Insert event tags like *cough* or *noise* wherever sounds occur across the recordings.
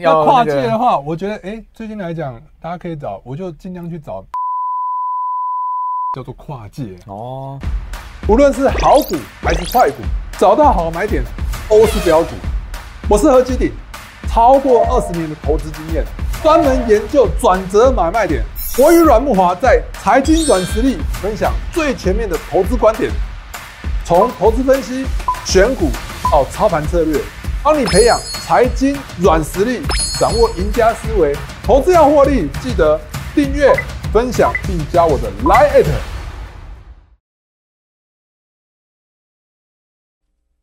要跨界的話，我覺得哎、欸，最近來講，大家可以找，我就盡量去找，叫做跨界哦。無論是好股還是壞股，找到好買點都是標股。我是何基鼎，超過二十年的投資經驗，專門研究轉折買賣點。我與阮慕驊在財經阮實力分享最全面的投資觀點，從投資分析選股到操盤策略，幫你培養。財經軟實力，掌握贏家思維。投資要獲利，記得訂閱、分享並加我的 Line@。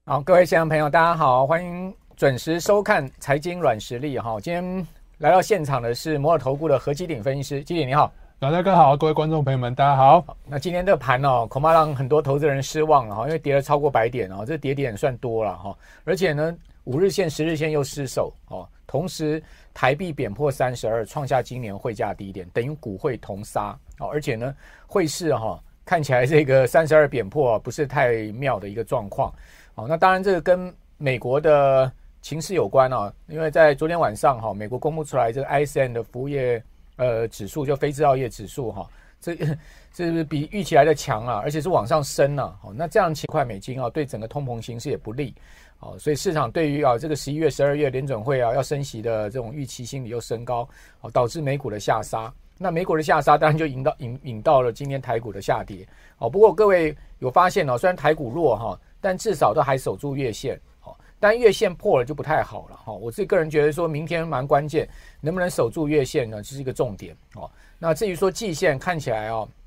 好，各位現場朋友，大家好，歡迎準時收看《財經軟實力》哈、哦。今天來到現場的是摩爾投顧的何基鼎分析師，基鼎你好。老大哥好，各位觀眾朋友們，大家好。好那今天這盤哦，恐怕讓很多投資人失望了哈，因為跌了超過百點哦，這跌點算多了哈，而且呢。五日線、十日線又失守哦，同時台幣貶破三十二，創下今年匯價低點，等於股匯同殺哦。而且呢，匯市哈、哦、看起來這個三十二貶破、啊、不是太妙的一個狀況哦。那當然，這個跟美國的情勢有關啊，因為在昨天晚上哈、啊，美國公布出來這個 ISM 的服務業呃指數，就非制造業指數哈、啊，這這是比預期來的強啊，而且是往上升了、啊哦、那這樣七塊美金啊，對整個通膨形勢也不利。哦，所以市場對於啊這個十一月、十二月聯準會啊要升息的這種預期心理又升高，啊，導致美股的下殺。那美股的下殺當然就引到引引到了今天台股的下跌。哦，不過各位有發現哦，啊，雖然台股弱哈，啊，但至少都還守住月線。哦，但月線破了就不太好了哈，啊。我自己個人覺得說，明天蠻關鍵，能不能守住月線呢？這是一個重點。哦，那至於說季線看起來哦，啊。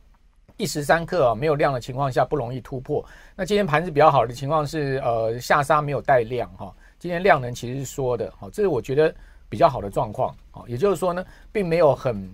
一時三刻啊，沒有量的情況下不容易突破。那今天盤子比較好的情況是，呃，下殺沒有帶量哈。今天量能其實是縮的，哈，這是我覺得比較好的狀況啊。也就是說呢，並沒有很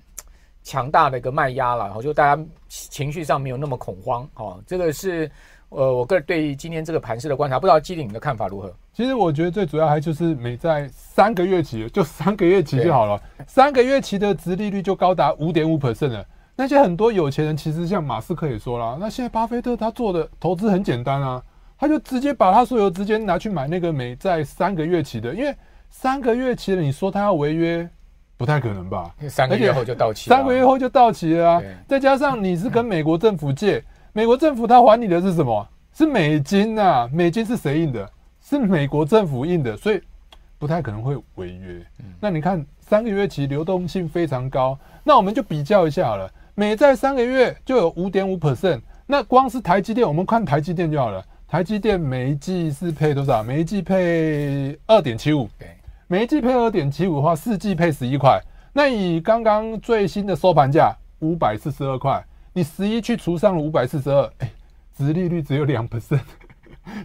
強大的一個賣壓了，然後就大家情緒上沒有那麼恐慌啊。這個是呃，我個人對於今天這個盤勢的觀察，不知道基鼎的看法如何？其實我覺得最主要還就是美債三個月期，就三個月期就好了，三個月期的殖利率就高達五點五 percent 了。那些很多有錢人，其實像馬斯克也說了，那現在巴菲特他做的投資很簡單啊，他就直接把他所有資金拿去買那個美債三個月期的，因為三個月期的，你說他要違約，不太可能吧？三個月後就到期，三個月後就到期了啊！再加上你是跟美國政府借呵呵，美國政府他還你的是什麼？是美金啊。美金是誰印的？是美國政府印的，所以不太可能會違約、嗯。那你看三個月期流動性非常高，那我們就比較一下好了。每在三個月就有五點五 percent，那光是台積電，我們看台積電就好了。台積電每一季是配多少？每一季配二點七五，每一季配二點七五的話，四季配十一塊。那以剛剛最新的收盤價五百四十二塊，你十一去除上了五百四十二，欸，殖利率只有兩 percent，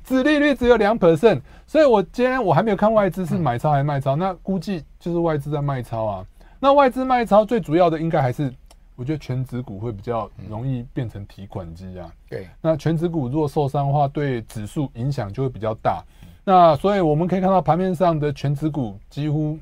殖利率只有兩 percent。所以我今天我還沒有看外資是買超還是賣超，那估計就是外資在賣超啊。那外資賣超最主要的應該還是。我覺得權值股會比較容易變成提款機啊。對。那權值股如果受傷的話，對指數影響就會比較大、嗯。那所以我們可以看到盤面上的權值股幾乎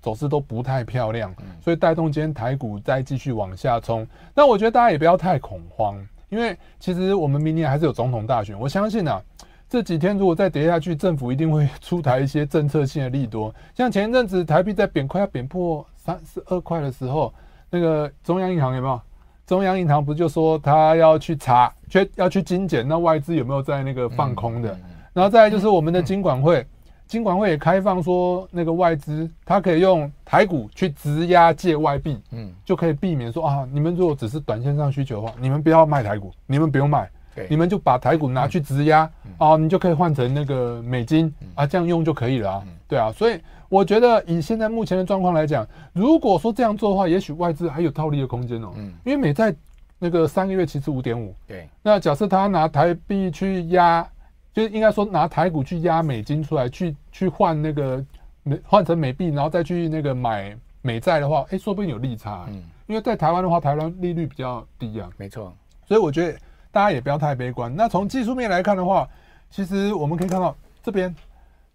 走勢都不太漂亮、嗯，所以帶動今天台股再繼續往下衝。那我覺得大家也不要太恐慌，因為其實我們明年還是有總統大選，我相信啊，這幾天如果再跌下去，政府一定會出台一些政策性的利多，像前一陣子台幣在貶快要貶破三十二塊的時候。那個中央銀行有沒有？中央銀行不就說他要去查，去要去金檢，那外資有沒有在那個放空的？然後再來就是我們的金管會。金管會也開放說那個外資他可以用台股去質押借外幣，嗯，就可以避免說啊，你們如果只是短線上需求的話，你們不要賣台股，你們不用賣，你們就把台股拿去質押，啊，你就可以換成那個美金啊，這樣用就可以了，啊。對啊，所以。我覺得以現在目前的狀況來講，如果說這樣做的話，也許外資還有套利的空間哦。嗯，因為美債那個三個月其實五點五。對。那假設他拿台幣去壓，就應該說拿台股去壓美金出來，去去換那個美換成美幣，然後再去那個買美債的話，誒，說不定有利差欸。嗯。因為在台灣的話，台灣利率比較低啊。沒錯。所以我覺得大家也不要太悲觀。那從技術面來看的話，其實我們可以看到這邊。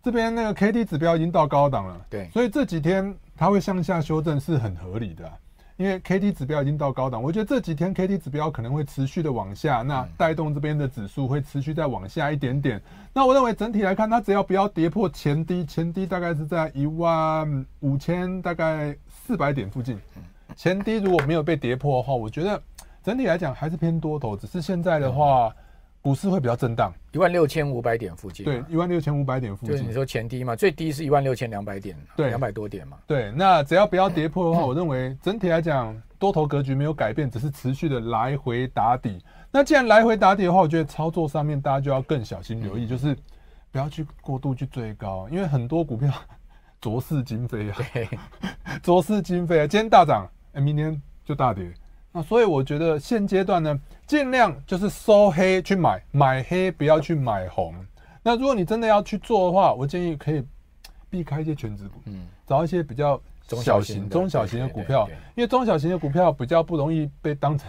這邊那個 KD 指標已經到高檔了，對，所以這幾天它會向下修正是很合理的。啊，因為 KD 指標已經到高檔，我覺得這幾天 KD 指標可能會持續的往下，那帶動這邊的指數會持續再往下一點點。嗯、那我認為整體來看，它只要不要跌破前低，前低大概是在一萬五千大概四百點附近，嗯、前低如果沒有被跌破的話，我覺得整體來講還是偏多頭，只是現在的話。嗯股市會比較震盪，一萬六千五百點附近。對，一萬六千五百點附近。就是你說前低嘛，最低是一萬六千兩百點，兩百多點嘛對。對，那只要不要跌破的話， *laughs* 我認為整體來講，多頭格局沒有改變，只是持續的來回打底。那既然來回打底的話，我覺得操作上面大家就要更小心留意，嗯、就是不要去過度去追高，因為很多股票昨是今非啊，昨是今非啊，今天大漲，哎、欸，明天就大跌。那、啊、所以我覺得現階段呢，盡量就是收黑去買，買黑不要去買紅。那如果你真的要去做的話，我建議可以避開一些權值股，嗯，找一些比較小型、中小型的，小型的股票對對對對，因為中小型的股票比較不容易被當成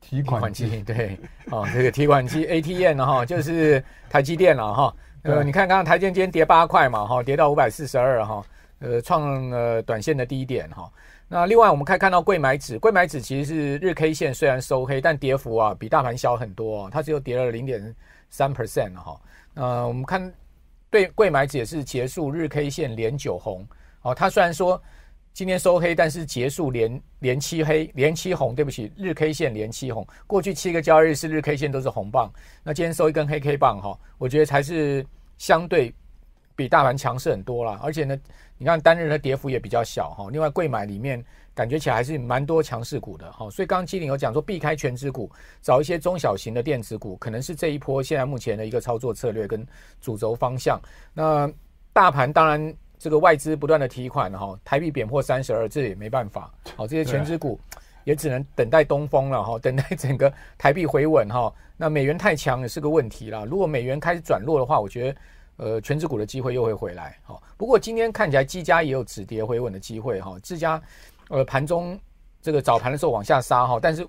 提款機。對，哦，這個提款機 ATM 哈，就是台積電了哈。呃，你看剛剛台積電今天跌八塊嘛，哈，跌到五百四十二哈，呃，創了短線的低點哈。那另外我們可以看到，櫃買指、櫃買指其實是日 K 線雖然收黑，但跌幅啊比大盤小很多，哦，它只有跌了零點三 percent 哈。呃、哦，我們看對櫃買指也是結束日 K 線連九紅，哦，它雖然說今天收黑，但是結束連連七黑連七紅，對不起，日 K 線連七紅，過去七個交易日是日 K 線都是紅棒，那今天收一根黑 K 棒哈，哦，我覺得才是相對比大盤強勢很多了，而且呢，你看單日的跌幅也比較小哈、喔。另外，櫃買裡面感覺起來還是蠻多強勢股的哈、喔。所以剛剛基鼎有講說，避開權值股，找一些中小型的電子股，可能是這一波現在目前的一個操作策略跟主軸方向。那大盤當然這個外資不斷的提款哈、喔，台幣貶破三十二，這也沒辦法。好、喔，這些權值股也只能等待東風了哈、喔，等待整個台幣回穩哈、喔。那美元太強也是個問題了，如果美元開始轉弱的話，我覺得。呃，權值股的機會又會回來，好、哦。不過今天看起來，技嘉也有止跌回穩的機會哈。技、哦、嘉，呃，盤中這個早盤的時候往下殺哈、哦，但是，哎、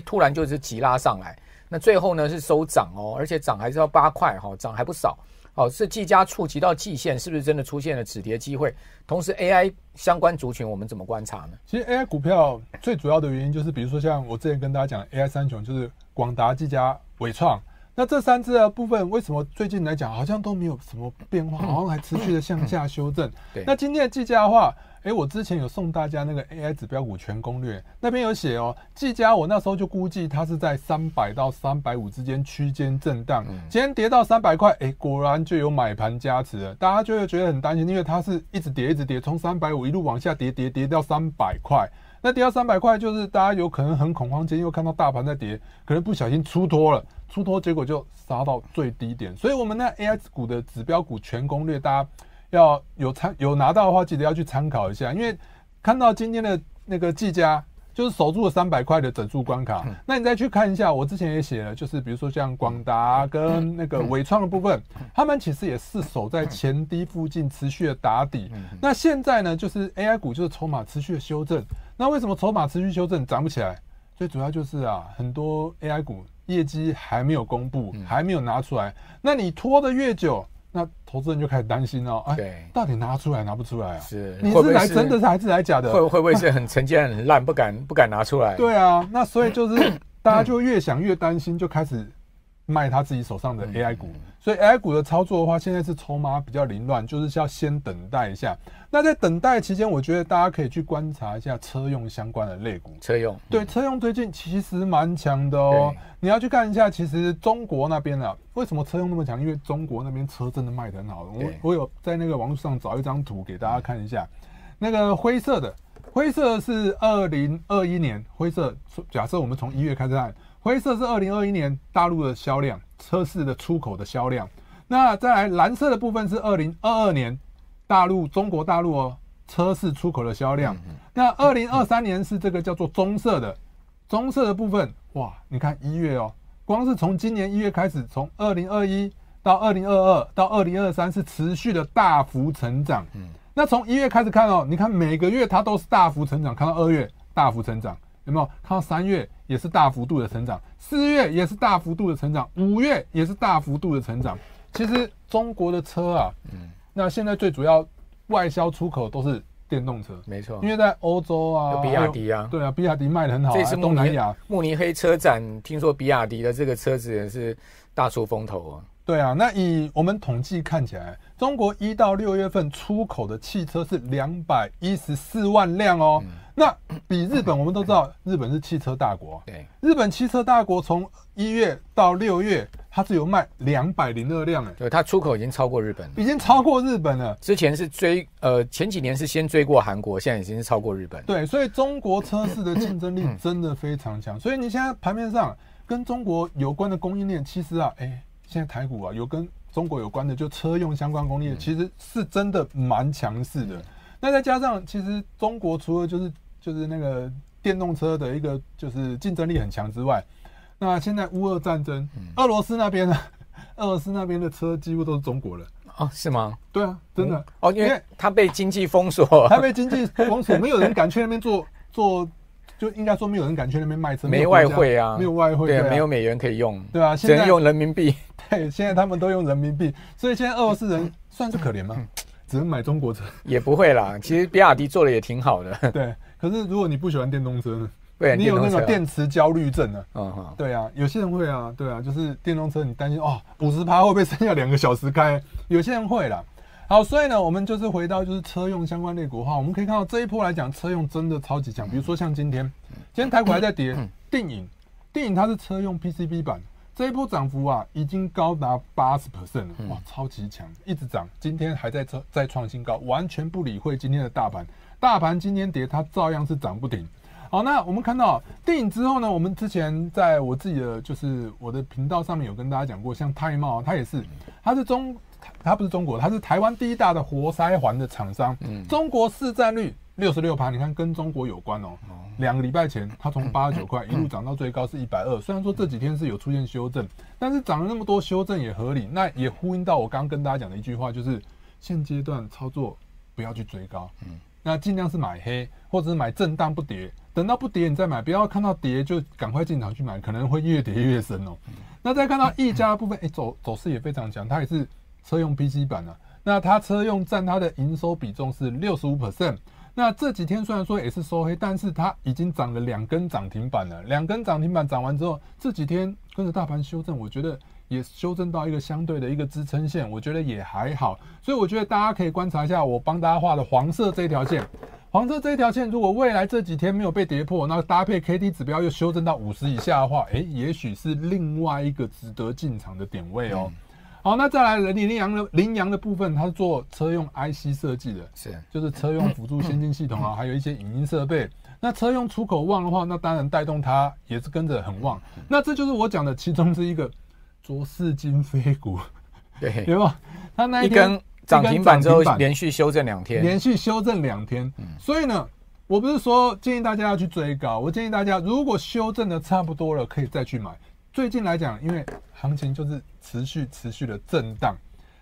欸，突然就是急拉上來。那最後呢是收漲哦，而且漲還是要八塊哈，漲、哦、還不少。好、哦，是技嘉觸及到季線，是不是真的出現了止跌機會？同時，AI 相關族群我們怎麼觀察呢？其實 AI 股票最主要的原因就是，比如說像我之前跟大家講的 AI 三雄，就是廣達、技嘉、緯創。那這三隻的部分為什麼最近來講好像都沒有什麼變化，好像還持續的向下修正？嗯嗯嗯、那今天的技嘉的話、欸，我之前有送大家那個 AI 指標股全攻略，那邊有寫哦，技嘉我那時候就估計它是在三百到三百五之間區間震盪、嗯。今天跌到三百塊，果然就有買盤加持了，大家就會覺得很擔心，因為它是一直跌，一直跌，從三百五一路往下跌，跌跌跌到三百塊。那跌到三百塊，就是大家有可能很恐慌，今天又看到大盤在跌，可能不小心出脫了，出脫結果就殺到最低點。所以，我們那 AI 股的指標股全攻略，大家要有參有拿到的話，記得要去參考一下。因為看到今天的那個技嘉，就是守住了三百塊的整數關卡。那你再去看一下，我之前也寫了，就是比如說像廣達跟那個緯創的部分，他們其實也是守在前低附近持續的打底。那現在呢，就是 AI 股就是籌碼持續的修正。那為什麼籌碼持續修正漲不起來？最主要就是啊，很多 AI 股業績還沒有公布、嗯，還沒有拿出來。那你拖得越久，那投資人就開始擔心了、哦。哎，到底拿出來拿不出來啊？是你是來會不會是真的是還是來假的？會會不會是很成績很爛、啊，不敢不敢拿出來？對啊，那所以就是大家就越想越擔心，就開始。賣他自己手上的 AI 股，所以 AI 股的操作的話，現在是籌碼比較凌亂，就是要先等待一下。那在等待期間，我覺得大家可以去觀察一下車用相關的類股。車用對車用最近其實蠻強的哦。你要去看一下，其實中國那邊啊，為什麼車用那麼強？因為中國那邊車真的賣得很好。我我有在那個網路上找一張圖給大家看一下，那個灰色的灰色的是二零二一年，灰色假設我們從一月開始看。灰色是二零二一年大陸的銷量，車市的出口的銷量。那再來，藍色的部分是二零二二年大陸中國大陸哦車市出口的銷量。嗯嗯、那二零二三年是這個叫做棕色的，嗯嗯、棕色的部分哇，你看一月哦，光是從今年一月開始，從二零二一到二零二二到二零二三，是持續的大幅成長。嗯、那從一月開始看哦，你看每個月它都是大幅成長，看到二月大幅成長。有沒有看到三月也是大幅度的成長，四月也是大幅度的成長，五月也是大幅度的成長。其實中國的車啊，嗯，那現在最主要外銷出口都是電動車，沒錯，因為在歐洲啊，比亞迪啊、哎，對啊，比亞迪賣得很好、啊，這是東南亞。慕尼黑車展，聽說比亞迪的這個車子也是大出風頭啊。對啊，那以我們統計看起來，中國一到六月份出口的汽車是兩百一十四萬輛哦、嗯。那比日本，我們都知道日本是汽車大國。對、嗯，日本汽車大國從一月到六月，它是有賣兩百零二輛的。對，它出口已經超過日本了，已經超過日本了。嗯、之前是追，呃，前幾年是先追過韓國，現在已經是超過日本。對，所以中國車市的競爭力真的非常強。嗯嗯、所以你現在盤面上跟中國有關的供應鏈，其實啊，哎。現在台股啊，有跟中國有關的，就車用相關工業，其實是真的蠻強勢的、嗯。那再加上，其實中國除了就是就是那個電動車的一個就是競爭力很強之外，那現在烏俄戰爭，嗯、俄羅斯那邊呢，俄羅斯那邊的車幾乎都是中國人啊、哦？是嗎？對啊，真的哦，因為他被經濟封鎖，他被經濟封鎖，沒有人敢去那邊做做。 *laughs* 就應該說沒有人敢去那邊賣車，沒外匯啊，啊，沒有外匯、啊啊，沒有美元可以用，對啊，現在用人民幣。對，現在他們都用人民幣， *laughs* 所以現在俄羅斯人算是可憐嗎、嗯？只能買中國車，也不會啦。 *laughs* 其實比亞迪做， *laughs* 做的也挺好的。對，可是如果你不喜歡電動車， *laughs* 對、啊，你有那種電池焦慮症呢、啊啊？嗯對啊，有些人會啊，對啊，就是電動車你擔心哦，五十趴會不會剩下兩個小時開？有些人會啦。好，所以呢，我們就是回到就是車用相關類股哈，我們可以看到這一波來講，車用真的超級強。比如說像今天，今天台股還在跌，定穎，定穎它是車用 PCB 板。這一波漲幅啊，已經高達八十 percent 了，哇，超級強，一直漲，今天還在創再創新高，完全不理會今天的大盤，大盤今天跌，它照樣是漲不停。好，那我們看到定穎之後呢，我們之前在我自己的就是我的頻道上面有跟大家講過，像太茂，它也是，它是中。它不是中國，它是台灣第一大的活塞環的廠商。嗯，中國市佔率六十六趴，你看跟中國有關哦。兩、哦、個禮拜前，它從八十九塊一路漲到最高是一百二。雖然說這幾天是有出現修正，嗯、但是漲了那麼多，修正也合理。那也呼應到我剛剛跟大家講的一句話，就是現階段操作不要去追高，嗯，那儘量是買黑或者是買震盪不跌，等到不跌你再買，不要看到跌就趕快進場去買，可能會越跌越深哦。嗯、那再看到溢價的部分，哎、欸，走走勢也非常強，它也是。車用 PC 版呢、啊？那它車用占它的營收比重是六十五 percent。那這幾天雖然說也是收黑，但是它已經漲了兩根漲停板了。兩根漲停板漲完之後，這幾天跟着大盤修正，我覺得也修正到一個相對的一個支撐線，我覺得也還好。所以我覺得大家可以觀察一下，我幫大家畫的黃色這一條線，黃色這一條線，如果未來這幾天沒有被跌破，那搭配 KD 指標又修正到五十以下的話，誒、欸，也許是另外一個值得進場的點位哦。嗯好，那再來，人凌陽的凌陽的部分，它是做車用 IC 設計的，是、啊、就是車用輔助先進系統啊、嗯，還有一些影音設備、嗯。那車用出口旺的話，那當然帶動它也是跟着很旺、嗯。那這就是我講的其中之一個卓氏、嗯、金飛骨，對，對吧？它那一,一根漲停板，之後，漲停板之後連續修正兩天，連續修正兩天、嗯。所以呢，我不是說建議大家要去追高，我建議大家如果修正的差不多了，可以再去買。最近來講，因為行情就是持續持續的震盪，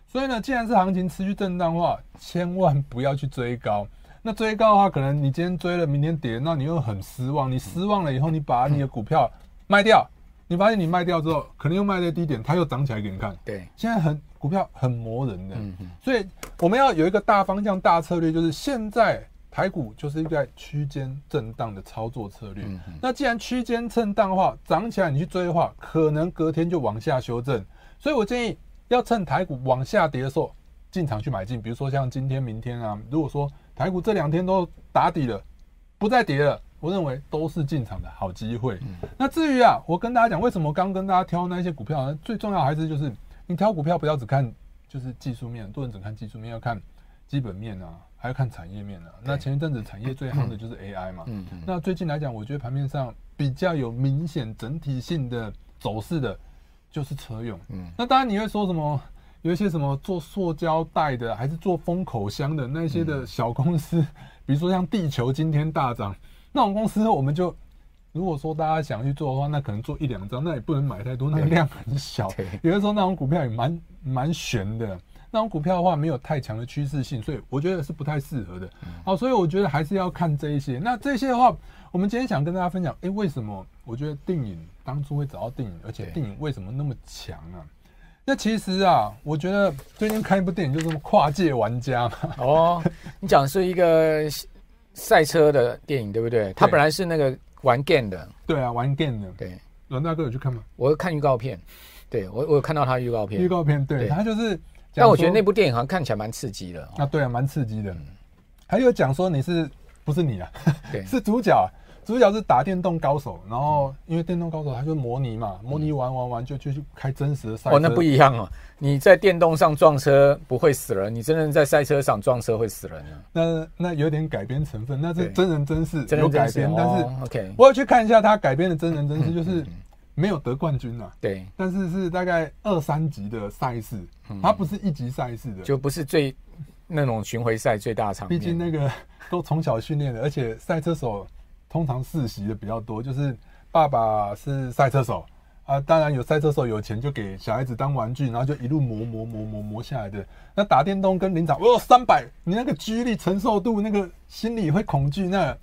所以呢，既然是行情持續震盪的話，千萬不要去追高。那追高的話，可能你今天追了，明天跌，那你又很失望。你失望了以後，你把你的股票賣掉，你發現你賣掉之後，可能又賣在低點，它又漲起來給你看。對，現在很股票很磨人的、嗯，所以我們要有一個大方向、大策略，就是現在。台股就是一個區間震盪的操作策略。嗯、那既然區間震盪的話，漲起來你去追的話，可能隔天就往下修正。所以我建議要趁台股往下跌的時候進場去買進。比如說像今天、明天啊，如果說台股這兩天都打底了，不再跌了，我認為都是進場的好機會、嗯。那至於啊，我跟大家講，為什麼剛跟大家挑那些股票呢？最重要還是就是你挑股票不要只看就是技術面，不能只看技術面，要看基本面啊。還要看產業面呢、啊、那前一陣子產業最夯的就是 AI 嘛。嗯嗯嗯、那最近來講，我覺得盤面上比較有明顯整體性的走勢的，就是車用。嗯。那當然你會說什麼有一些什麼做塑膠袋的，還是做封口箱的那些的小公司、嗯，比如說像地球今天大漲那種公司，我們就如果說大家想去做的話，那可能做一兩張，那也不能買太多，那個量很小。有的時候那種股票也蠻蠻懸的。那種股票的話，沒有太強的趨勢性，所以我覺得是不太適合的。好、嗯哦，所以我覺得還是要看這一些。那這些的話，我們今天想跟大家分享，哎、欸，為什麼我覺得電影當初會找到電影，而且電影為什麼那麼強啊？那其實啊，我覺得最近看一部電影就是《跨界玩家》哦， *laughs* 你講是一個賽車的電影，對不對？他本來是那個玩 game 的。對啊，玩 game 的。對，阮大哥有去看嗎？我看預告片，對我我有看到他預告片，預告片對，他就是。但我覺得那部電影好像看起來蠻刺激的、哦。啊，對啊，蠻刺激的。嗯、還有講說你是不是你啊？Okay. *laughs* 是主角、啊，主角是打電動高手。然後因為電動高手他就是模擬嘛，嗯、模擬玩玩玩就就就開真實的賽車。哦，那不一樣哦。你在電動上撞車不會死人，你真人在賽車上撞車會死人、啊、那那有點改編成分，那是真人真事，有改編、哦 okay，但是 OK。我要去看一下他改編的真人真事，就是。嗯嗯嗯嗯沒有得冠軍了、啊，對，但是是大概二三級的賽事，它、嗯、不是一級賽事的，就不是最那種巡迴賽最大的場面。畢竟那個都從小訓練的，而且賽車手通常世襲的比較多，就是爸爸是賽車手啊。當然有賽車手有錢就給小孩子當玩具，然後就一路磨磨磨磨磨，磨下來的。那打電動跟臨場，哦，三百，你那個 G 力承受度，那個心理會恐懼，那個、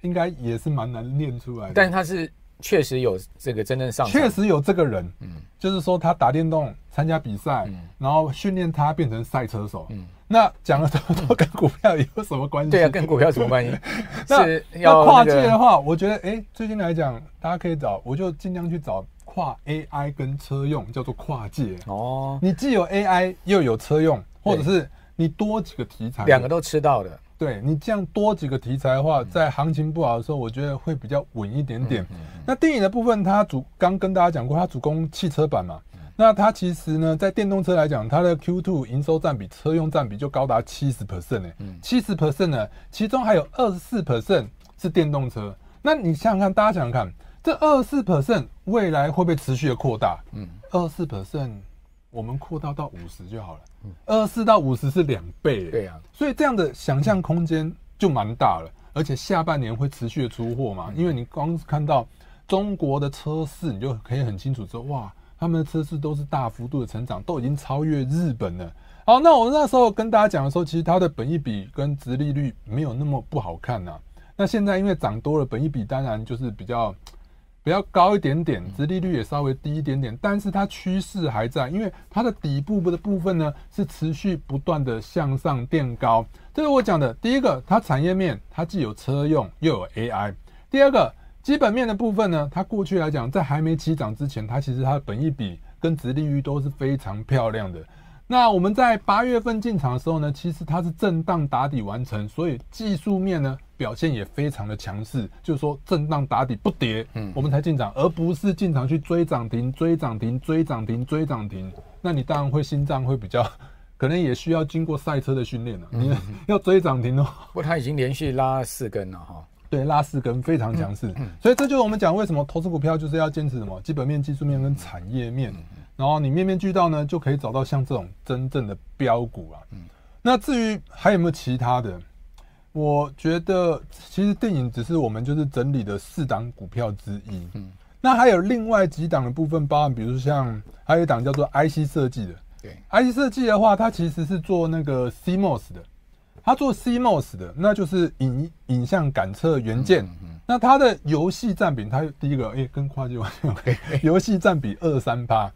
應該也是蠻難練出來的。但他是。確實有這個真正上場，確實有這個人，嗯，就是說他打電動參加比賽，然後訓練他變成賽車手，嗯，那講了這麼多，跟股票有什麼關係？嗯， *laughs* 對啊，跟股票什麼關係？ *laughs* 是要 *laughs* 那要跨界的話，我覺得，哎，最近來講，大家可以找，我就儘量去找跨 AI 跟車用，叫做跨界哦。你既有 AI 又有車用，或者是你多幾個題材，兩個都吃到的。對，你這樣多幾個題材的話，在行情不好的時候，我覺得會比較穩一點點，嗯嗯嗯。那電影的部分，它主剛跟大家講過，它主攻汽車版嘛，嗯。那它其實呢，在電動車來講，它的 Q2 營收占比車用占比就高達七十 percent，哎，七十 percent 呢，其中還有二十四 percent 是電動車。那你想想看，大家想想看，這二十四 percent 未來會不會持續的擴大？嗯，二十四 percent。我們擴大到五十就好了。二十四到五十是兩倍，對啊，所以這樣的想象空間就蠻大了，而且下半年會持續的出貨嘛，因為你光是看到中國的車市，你就可以很清楚說：哇，他們的車市都是大幅度的成長，都已經超越日本了。好，那我那時候跟大家講的時候，其實它的本益比跟殖利率沒有那麼不好看吶、啊。那現在因為漲多了，本益比當然就是比較。比較高一點點，殖利率也稍微低一點點，但是它趨勢還在，因為它的底部的部分呢，是持續不斷的向上墊高。這是、個、我講的第一個，它產業面它既有車用又有 AI。第二個基本面的部分呢，它過去來講在還沒起漲之前，它其實它的本益比跟殖利率都是非常漂亮的。那我們在八月份進場的時候呢，其實它是震盪打底完成，所以技術面呢表現也非常的強勢，就是說震盪打底不跌，嗯，我們才進場，而不是進場去追漲停、追漲停、追漲停、追漲停、追漲停，那你當然會心臟會比較，可能也需要經過賽車的訓練了，要追漲停哦。不過它已經連續拉四根了哈、哦，對，拉四根非常強勢、嗯，所以這就是我們講為什麼投資股票就是要堅持什麼基本面、技術面跟產業面。嗯嗯然後你面面俱到呢，就可以找到像這種真正的標股啊。嗯，那至於還有沒有其他的？我覺得其實電影只是我們就是整理的四檔股票之一。嗯，那還有另外幾檔的部分，包含比如像還有一檔叫做 IC 設計的。對，IC 設計的話，它其實是做那個 CMOS 的。它做 CMOS 的，那就是影影像感測元件。那它的遊戲占比，它第一個哎、欸，跟跨界完全、欸、遊戲占比二三趴。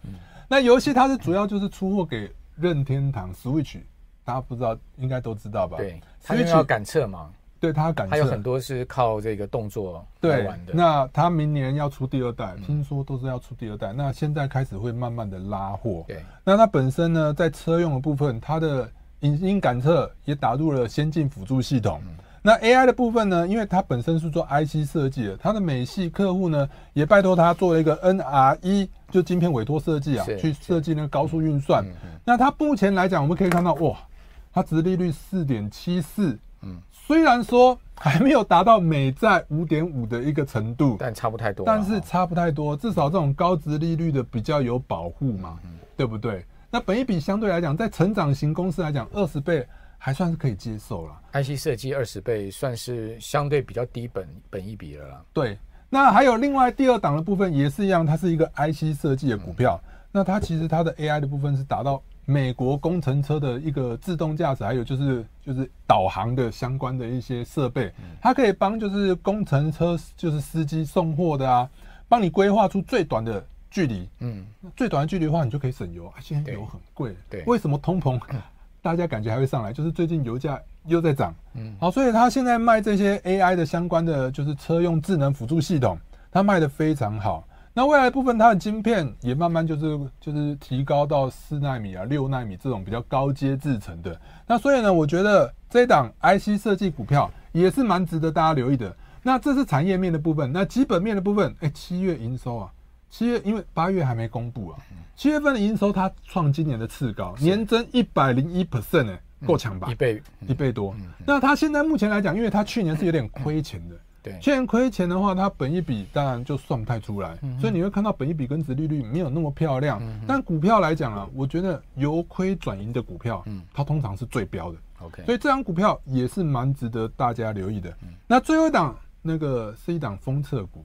那遊戲它是主要就是出貨給任天堂 Switch、嗯、大家不知道應該都知道吧？對，Switch 感測嘛，對它感測，還有很多是靠這個動作玩的。對，那它明年要出第二代，嗯，聽說都是要出第二代。那現在開始會慢慢的拉貨。對，那它本身呢，在車用的部分，它的影音感測也打入了先進輔助系統。嗯那 AI 的部分呢？因為它本身是做 IC 設計的，它的美系客戶呢，也拜託它做了一個 NRE，就晶片委託設計啊，去設計那個高速運算。那它目前來講，我們可以看到，哇，它殖利率四點七四，嗯，雖然說還沒有達到美債五點五的一個程度，但差不太多，但是差不太多，至少這種高殖利率的比較有保護嘛，嗯，對不對？那本益比相對來講，在成長型公司來講，二十倍。還算是可以接受了，IC 設計二十倍算是相對比較低本，本益比了啦。對，那還有另外第二檔的部分也是一樣，它是一個 IC 設計的股票、嗯。那它其實它的 AI 的部分是達到美國工程車的一個自動駕駛，還有就是就是導航的相關的一些設備、嗯，它可以幫就是工程車就是司機送貨的啊，幫你規劃出最短的距離。嗯，最短的距離的話，你就可以省油。啊、現在油很貴，對，為什麼通膨？ *laughs* 大家感覺還會上來，就是最近油價又在漲，嗯，好，所以他現在賣這些 AI 的相關的，就是車用智能輔助系統，他賣得非常好。那未來部分，它的晶片也慢慢就是就是提高到四奈米、啊六奈米這種比較高階製程的。那所以呢，我覺得這一檔 IC 設計股票也是蠻值得大家留意的。那這是產業面的部分，那基本面的部分，哎、欸，七月營收啊，七月因為八月還沒公布啊。七月份的營收，它創今年的次高，年增一百零一 percent，哎，夠、欸、強、嗯、吧？一倍，嗯、一倍多。嗯嗯嗯、那它現在目前來講，因為它去年是有點虧錢的，對、嗯，去年虧錢的話，它本益比當然就算不太出來，嗯嗯、所以你會看到本益比跟殖利率沒有那麼漂亮。嗯嗯嗯、但股票來講啊、嗯，我覺得由虧轉盈的股票，嗯，它通常是最標的，OK。所以這檔股票也是蠻值得大家留意的。嗯、那最後一檔那個是一檔封測股。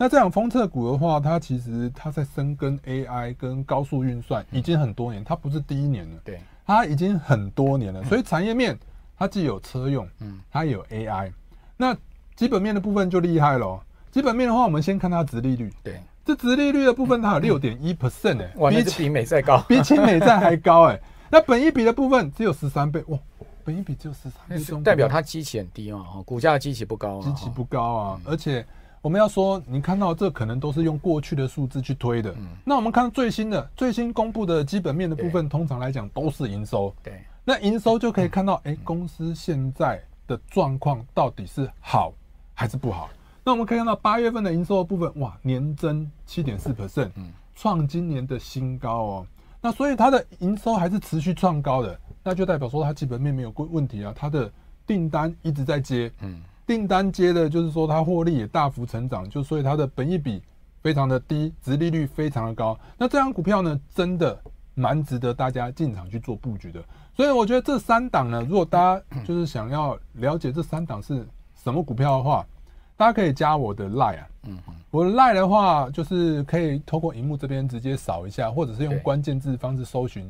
那這樣封測股的話，它其實它在深耕 AI 跟高速運算已經很多年，它不是第一年了。對，它已經很多年了。所以產業面它既有車用，嗯，它也有 AI。那基本面的部分就厲害囉。基本面的話，我們先看它的殖利率。對，這殖利率的部分它有六點一 percent 哎，比起美債高，比起美債還高哎、欸 *laughs* 欸。那本益比的部分只有十三倍，哇，本益比只有十三倍、啊，代表它基期很低啊、哦，股價的基期不高，基期不高啊，哦不高啊嗯、而且。我們要說，你看到這可能都是用過去的數字去推的。嗯。那我們看最新的、最新公布的基本面的部分，通常來講都是營收。對。那營收就可以看到，哎、嗯欸，公司現在的狀況到底是好還是不好？嗯、那我們可以看到八月份的營收的部分，哇，年增七點四%。嗯。創、嗯、今年的新高哦。那所以它的營收還是持續創高的，那就代表說它基本面沒有問問題啊，它的訂單一直在接。嗯。訂單接的，就是說它獲利也大幅成長，就所以它的本益比非常的低，殖利率非常的高。那這張股票呢，真的蠻值得大家進場去做布局的。所以我覺得這三檔呢，如果大家就是想要了解這三檔是什麼股票的話， *coughs* 大家可以加我的賴啊，嗯嗯，我的賴的，的話就是可以透過熒幕這邊直接掃一下，或者是用關鍵字方式搜尋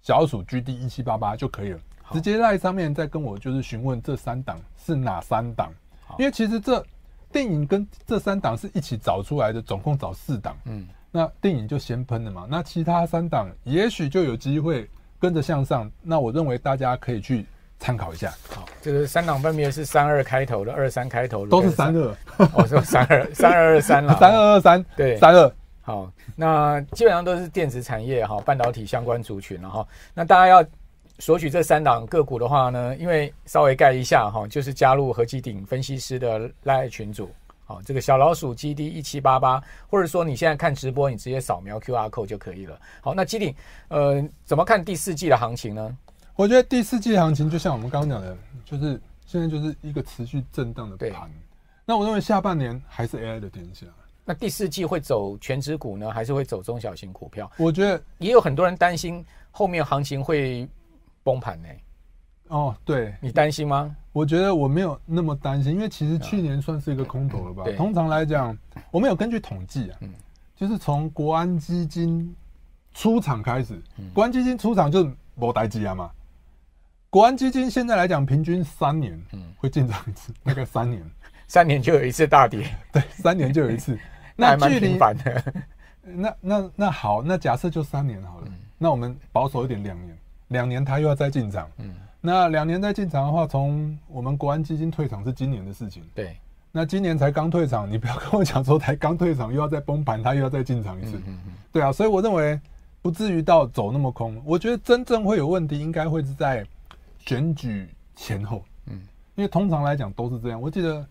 小鼠 GD 一七八八就可以了。直接賴上面再跟我就是詢問這三檔是哪三檔。因為其實這電影跟這三檔是一起找出來的，總共找四檔。嗯，那電影就先噴了嘛，那其他三檔也許就有機會跟着向上。那我認為大家可以去參考一下。好，就是三檔分別是三二開頭的、二三開頭的，都是三二。我、哦、說三二 *laughs* 三二二三了， *laughs* 三二二三對三二。好，那基本上都是電子產業哈，半導體相關族群了哈。那大家要。索取這三檔個股的話呢，因為稍微蓋一下哈、哦，就是加入何基鼎分析師的 Line 群組，好、哦，這個小老鼠 GD 一七八八，或者說你現在看直播，你直接掃描 QR code 就可以了。好，那基鼎，呃，怎麼看第四季的行情呢？我覺得第四季的行情就像我們剛剛講的，就是現在就是一個持續震盪的盤。那我認為下半年還是 AI 的天下。那第四季會走權值股呢，還是會走中小型股票？我覺得也有很多人擔心後面行情會。崩盤呢？哦，對，你擔心嗎？我覺得我沒有那麼擔心，因為其實去年算是一個空頭了吧、嗯。通常來講，我們有根據統計啊、嗯，就是從國安基金出場開始，國安基金出場就是沒大事啊嘛。國安基金現在來講，平均三年會進場一次、嗯，那個三年， *laughs* 三年就有一次大跌，對，三年就有一次， *laughs* 那蠻頻繁的。那那那，那好，那假設就三年好了、嗯，那我們保守一點，兩年。兩年他又要再進場，嗯，那兩年再進場的話，從我們國安基金退場是今年的事情，對，那今年才剛退場，你不要跟我講說才剛退場又要再崩盤，他又要再進場一次，嗯嗯嗯，對啊，所以我認為不至於到走那麼空，我覺得真正會有問題應該會是在選舉前後，嗯，因為通常來講都是這樣，我記得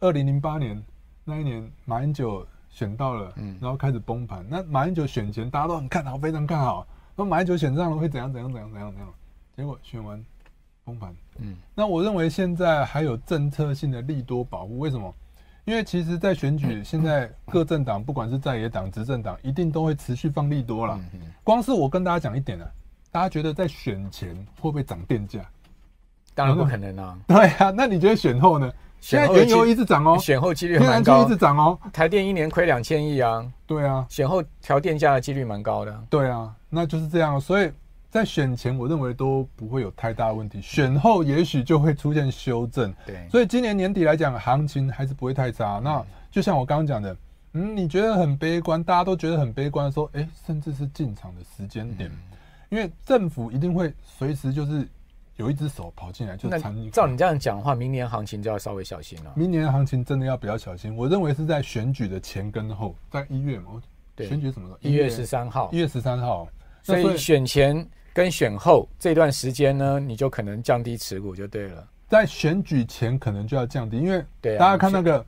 二零零八年那一年馬英九選到了，嗯，然後開始崩盤，那馬英九選前大家都很看好，非常看好。那買酒選上了會怎樣？怎樣？怎樣？怎樣？怎樣？結果選完崩盤。嗯，那我認為現在還有政策性的利多保護。為什麼？因為其實，在選舉現在各政黨，不管是在野黨、執政黨，一定都會持續放利多了。光是我跟大家講一點呢、啊，大家覺得在選前會不會漲電價？當然不可能啊。對啊，那你覺得選後呢？現在原油一直漲哦，選後幾率很高，一直漲哦。台電一年虧兩千億啊，對啊。選後調電價的幾率蠻高的，對啊，那就是這樣。所以在選前，我認為都不會有太大的問題，選後也許就會出現修正。對，所以今年年底來講，行情還是不會太差。那就像我剛剛講的，嗯，你覺得很悲觀，大家都覺得很悲觀的時候，哎、欸，甚至是進場的時間點、嗯，因為政府一定會隨時就是。有一隻手跑進來就參與。那照你這樣講的話，明年行情就要稍微小心了，啊。明年行情真的要比較小心。我認為是在選舉的前跟後，在一月嘛。對。選舉什麼時候？一月十三號。一月十三號，那所以。所以選前跟選後這段時間呢，你就可能降低持股就對了。在選舉前可能就要降低，因為、啊、大家看那個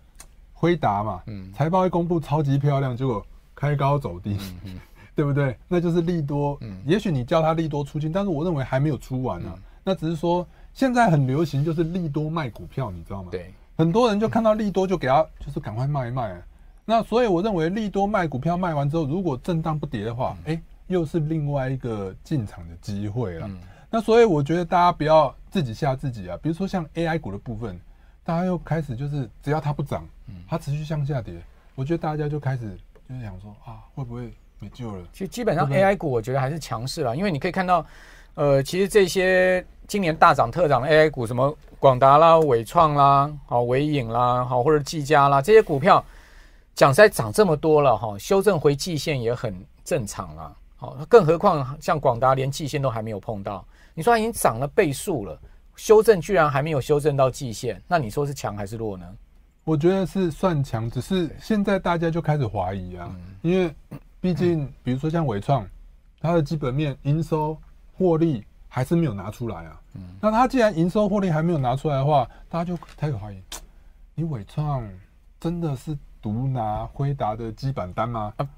輝達嘛，財、嗯、報一公布超級漂亮，結果開高走低，嗯、 *laughs* 對不對？那就是利多。嗯。也許你叫它利多出盡，但是我認為還沒有出完呢，啊。嗯那只是說，現在很流行就是利多賣股票，你知道嗎？對，很多人就看到利多就給他，就是趕快賣一賣啊。那所以我認為利多賣股票賣完之後，如果震盪不跌的話，欸，又是另外一個進場的機會了。那所以我覺得大家不要自己嚇自己啊。比如說像 AI 股的部分，大家又開始就是只要它不漲，它持續向下跌，我覺得大家就開始就是想說啊，會不會沒救了？其實基本上 AI 股我覺得還是強勢了，因為你可以看到。呃，其實這些今年大漲特漲的 AI 股，什麼廣達啦、緯創啦、好緯穎啦、好或者技嘉啦，這些股票講實在漲這麼多了哈、哦，修正回季線也很正常啦好、哦，更何況像廣達連季線都還沒有碰到，你說它已經漲了倍數了，修正居然還沒有修正到季線，那你說是強還是弱呢？我覺得是算強，只是現在大家就開始懷疑啊，嗯、因為畢竟比如說像緯創、嗯嗯，它的基本面營收。獲利還是沒有拿出來啊？嗯，那他既然營收獲利還沒有拿出來的話，大家就開始懷疑，你緯創真的是獨拿輝達的基板單嗎？啊，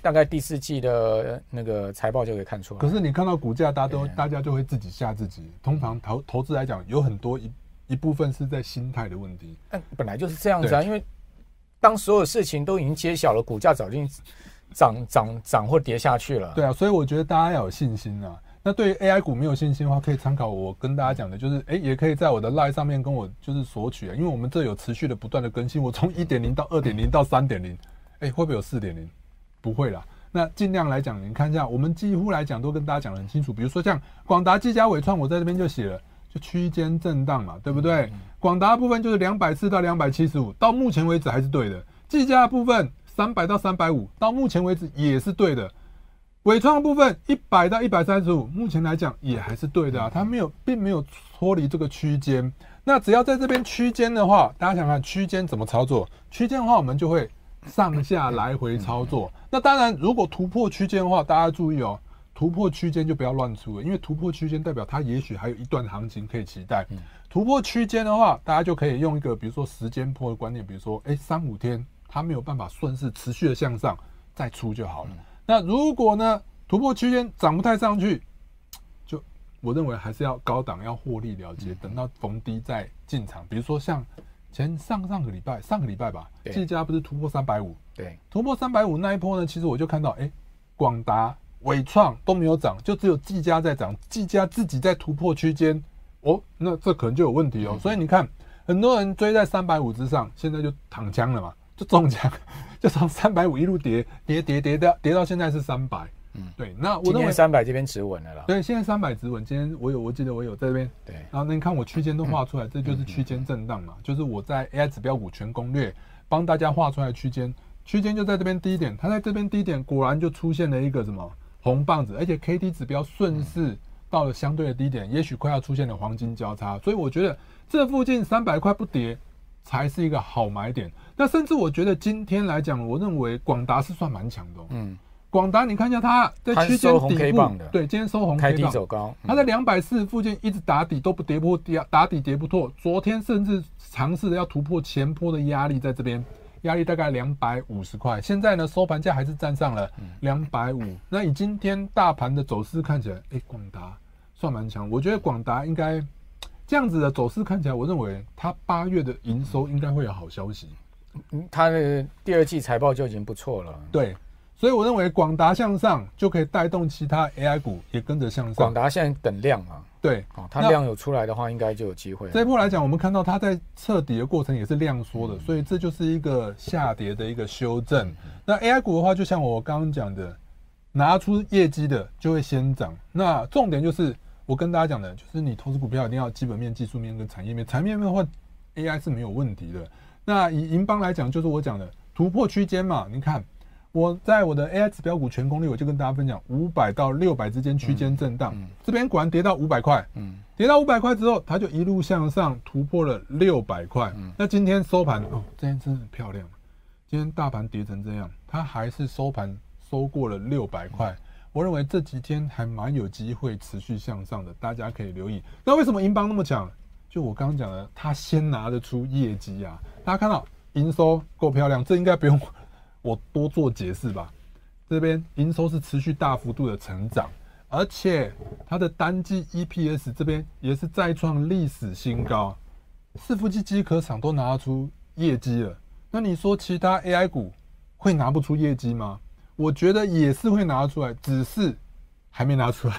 大概第四季的那個財報就可以看出來。可是你看到股價，大家都大家就會自己嚇自己。通常投投資來講，有很多一一部分是在心態的問題。但、嗯、本來就是這樣子啊，因為當所有事情都已經揭曉了，股價早就漲漲漲或跌下去了。對啊，所以我覺得大家要有信心啊。那對於 AI 股沒有信心的話，可以參考我跟大家講的，就是誒、欸，也可以在我的 LINE 上面跟我就是索取啊、欸，因為我們這有持續的不斷的更新。我從一點零到二點零到三點零，誒會不會有四點零？不會啦。那盡量來講，您看一下，我們幾乎來講都跟大家講得很清楚。比如說像廣達、技嘉、緯創，我在這邊就寫了，就區間震盪嘛，對不對？廣達部分就是兩百四到兩百七十五，到目前為止還是對的。技嘉部分三百到三百五，到目前為止也是對的。尾創部分一百到一百三十五，目前來講也還是對的啊，它沒有，並沒有脫離這個區間。那只要在這邊區間的話，大家想看，區間怎麼操作？區間的話，我們就會上下來回操作。那當然，如果突破區間的話，大家注意哦，突破區間就不要亂出了，因為突破區間代表它也許還有一段行情可以期待。突破區間的話，大家就可以用一個，比如說時間破的觀念，比如說，誒，三五天它沒有辦法順勢持續的向上，再出就好了。那如果呢，突破區間漲不太上去，就我認為還是要高檔要獲利了結，等到逢低再進場，嗯。比如說像前上上個禮拜，上個禮拜吧，、欸，技嘉不是突破三百五？對，突破三百五那一波呢，其實我就看到，哎、欸，廣達、緯創都沒有漲，就只有技嘉在漲。技嘉自己在突破區間，哦，那這可能就有問題哦。嗯、所以你看，很多人追在三百五之上，現在就躺槍了嘛。就中獎，就從三百五一路跌，跌跌跌的，跌到現在是三百。嗯，對，那我認為三百這邊止穩了啦。對，現在三百止穩，今天我有，我記得我有在這邊。對，然後你看我區間都畫出來、嗯，這就是區間震盪嘛、嗯，就是我在 AI 指標股全攻略幫大家畫出來的區間，區間就在這邊低點、嗯，它在這邊低點，果然就出現了一個什麼紅棒子，而且 KD 指標順勢到了相對的低點，嗯、也許快要出現了黃金交叉，所以我覺得這附近三百塊不跌，才是一個好買點。那甚至我覺得今天來講，我認為廣達是算蠻強的、哦。嗯，廣達，你看一下它在區間底部，對，今天收紅、K、開低走高，它在兩百四附近一直打底，都不跌破，打底跌不破。昨天甚至嘗試着要突破前波的壓力，在這邊壓力大概兩百五十塊。現在呢，收盤價還是站上了兩百五。那以今天大盤的走勢看起來，哎、欸，廣達算蠻強。我覺得廣達應該。這樣子的走勢看起來，我認為它八月的營收應該會有好消息。嗯，它的第二季財報就已經不錯了。對，所以我認為廣達向上就可以帶動其他 AI 股也跟着向上。廣達現在等量啊。對，哦，它量有出來的話，應該就有機會。這一步來講，我們看到它在測底的過程也是量縮的，嗯，所以這就是一個下跌的一個修正。嗯嗯，那 AI 股的話，就像我剛剛講的，拿出業績的就會先漲。那重點就是。我跟大家講的，就是你投資股票一定要基本面、技術面跟產業面。產業面的話，AI 是沒有問題的。那以銀邦來講，就是我講的突破區間嘛。你看我在我的 AI 指標股全功率，我就跟大家分享500間間，五百到六百之間區間震盪。這邊果然跌到五百塊，嗯，跌到五百塊之後，它就一路向上突破了六百塊。那今天收盤，哦，今天真的很漂亮。今天大盤跌成這樣，它還是收盤收過了六百塊。嗯我認為這幾天還蠻有機會持續向上的，大家可以留意。那為什麼英邦那麼強？就我剛剛講的，他先拿得出業績啊！大家看到營收夠漂亮，這應該不用我多做解釋吧？這邊營收是持續大幅度的成長，而且它的單季 EPS 這邊也是再創歷史新高。伺服器機殼廠都拿得出業績了，那你說其他 AI 股會拿不出業績嗎？我覺得也是會拿出來，只是還沒拿出來，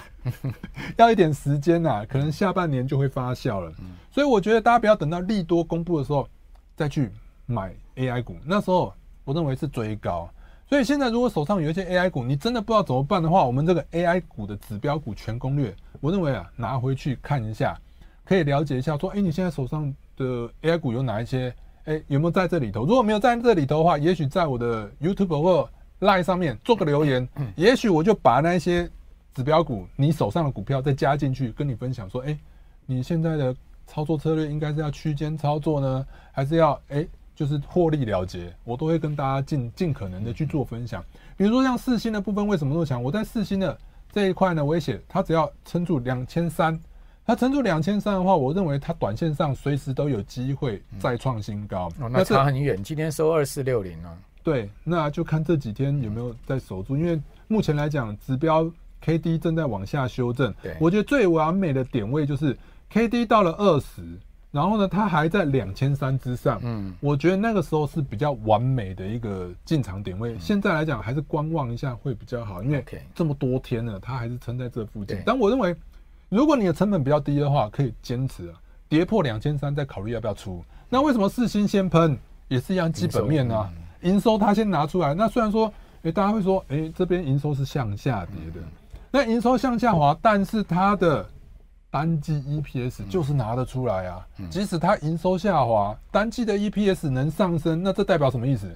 *laughs* 要一點時間吶，可能下半年就會發酵了。所以我覺得大家不要等到利多公布的時候再去買 AI 股，那時候我認為是追高。所以現在如果手上有一些 AI 股，你真的不知道怎麼辦的話，我們這個 AI 股的指標股全攻略，我認為啊拿回去看一下，可以了解一下。說，誒，你現在手上的 AI 股有哪一些？誒，有沒有在這裡頭？如果沒有在這裡頭的話，也許在我的 YouTube 或 Line 上面做個留言，嗯，嗯也許我就把那些指標股你手上的股票再加進去，跟你分享說，哎、欸，你現在的操作策略應該是要區間操作呢，還是要哎、欸，就是獲利了結，我都會跟大家盡盡可能的去做分享。嗯、比如說像世芯的部分為什麼那麼強，我在世芯的這一塊呢，我也寫，它只要撐住兩千三，它撐住兩千三的話，我認為它短線上隨時都有機會再創新高。嗯哦，那差很遠，今天收二四六零啊。對，那就看這幾天有沒有在守住，嗯、因為目前來講，指標 K D 正在往下修正。我覺得最完美的點位就是 K D 到了二十，然後呢，它還在兩千三之上。嗯，我覺得那個時候是比較完美的一個進場點位。嗯、現在來講還是觀望一下會比較好，因為這麼多天了，它還是撐在這附近。但我認為，如果你的成本比較低的話，可以堅持啊，跌破兩千三再考慮要不要出、嗯。那為什麼四新先噴，也是一樣基本面呢、啊？營收它先拿出來，那雖然說，欸、大家會說，哎、欸，這邊營收是向下跌的，嗯、那營收向下滑，嗯、但是它的單季 EPS 就是拿得出來啊。嗯、即使它營收下滑，單季的 EPS 能上升，那這代表什麼意思？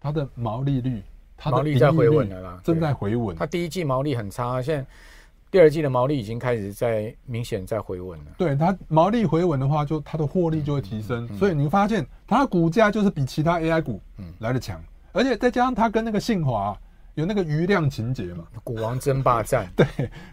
它的毛利率，毛利率在回穩了啦，正在回穩。它第一季毛利很差，現在。第二季的毛利已經開始在明顯在回穩了，對。對它毛利回穩的話，就它的獲利就會提升。嗯嗯、所以你會發現它的股價就是比其他 AI 股來得嗯來的強，而且再加上它跟那個信驊有那個瑜亮情結嘛，股王爭霸戰 *laughs* 對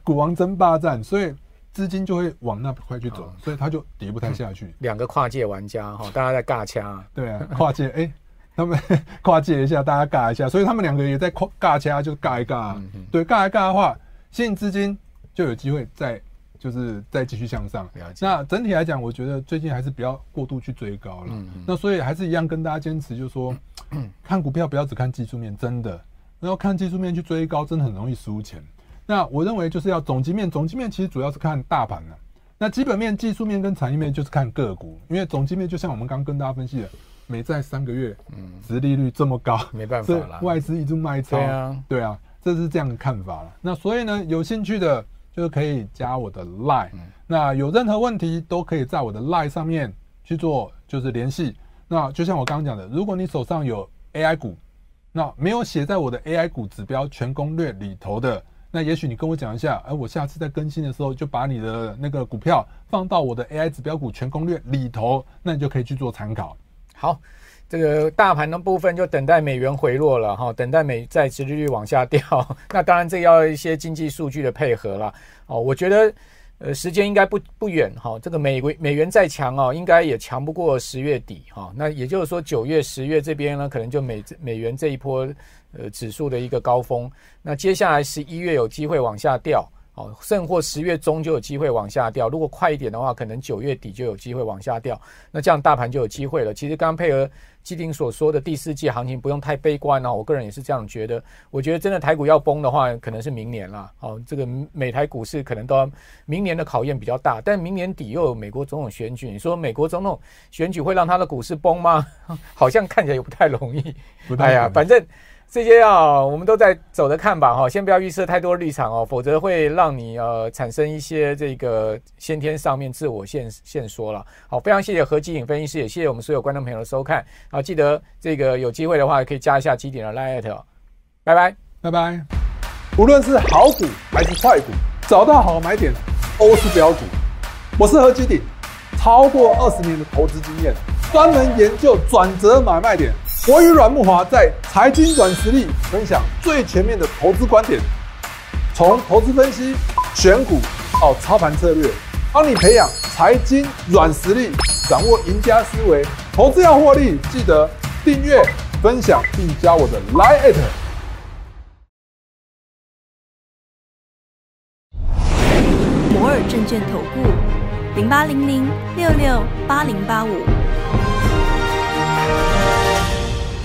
股王爭霸戰，所以資金就會往那塊去走，所以它就跌不太下去。嗯嗯、兩個跨界玩家哈，大家在尬掐。 *laughs* 對啊，跨界哎，他們 *laughs* 跨界一下，大家尬一下，所以他們兩個也在跨尬掐，就尬一尬、嗯。對，尬一尬的話，吸引資金。就有機會再就是再繼續向上了解。那整體來講，我覺得最近還是不要過度去追高了，嗯嗯。那所以還是一樣跟大家堅持，就是說、嗯嗯，看股票不要只看技術面，真的。然後看技術面去追高，真的很容易輸錢，嗯。那我認為就是要總基本面，總基本面其實主要是看大盤啊。那基本面、技術面跟產業面就是看個股，因為總基本面就像我們剛跟大家分析的，美債三個月，嗯，殖利率這麼高，沒辦法了，外資一直賣超。對啊，對啊，這是這樣的看法了。那所以呢，有興趣的。就可以加我的 Line，嗯，那有任何問題都可以在我的 Line 上面去做，就是聯繫。那就像我剛剛講的，如果你手上有 AI 股，那沒有寫在我的 AI 股指標全攻略裡頭的，那也許你跟我講一下，哎，啊，我下次再更新的時候就把你的那個股票放到我的 AI 指標股全攻略裡頭，那你就可以去做參考。好。這個大盤的部分就等待美元回落了哈，等待美債殖利率往下掉。那當然這要一些經濟數據的配合啦。哦。我覺得，呃，時間應該不不遠哈。這個美國美元再強哦，應該也強不過十月底哈。那也就是說九月、十月這邊呢，可能就美美元這一波呃指數的一個高峰。那接下來十一月有機會往下掉。哦，甚或十月中就有機會往下掉。如果快一點的話，可能九月底就有機會往下掉。那這樣大盤就有機會了。其實剛剛配合基鼎所說的第四季行情，不用太悲觀哦、啊。我個人也是這樣覺得。我覺得真的台股要崩的話，可能是明年了。哦，這個美台股市可能都要明年的考驗比較大。但明年底又有美國總統選舉，你說美國總統選舉會讓他的股市崩嗎？好像看起來也不太容易。不對不對哎呀，不對不對反正。這些要、啊、我們都在走着看吧哈，先不要預設太多立場哦，否則會讓你呃產生一些這個先天上面自我限限縮了。好，非常謝謝何基鼎分析師，也謝謝我們所有觀眾朋友的收看。好、啊，記得這個有機會的話可以加一下基鼎的 LINE，at，拜拜拜拜。無論是好股還是壞股，找到好買點都是飆股。我是何基鼎，超過二十年的投資經驗，專門研究轉折買賣點。我與阮木華在財經阮實力分享最全面的投資觀點，從投資分析、選股到操盤策略，幫你培養財經軟實力，掌握贏家思維。投資要獲利，記得訂閱、分享並加我的 Line 艾特摩爾證券投顧零八零零六六八零八五。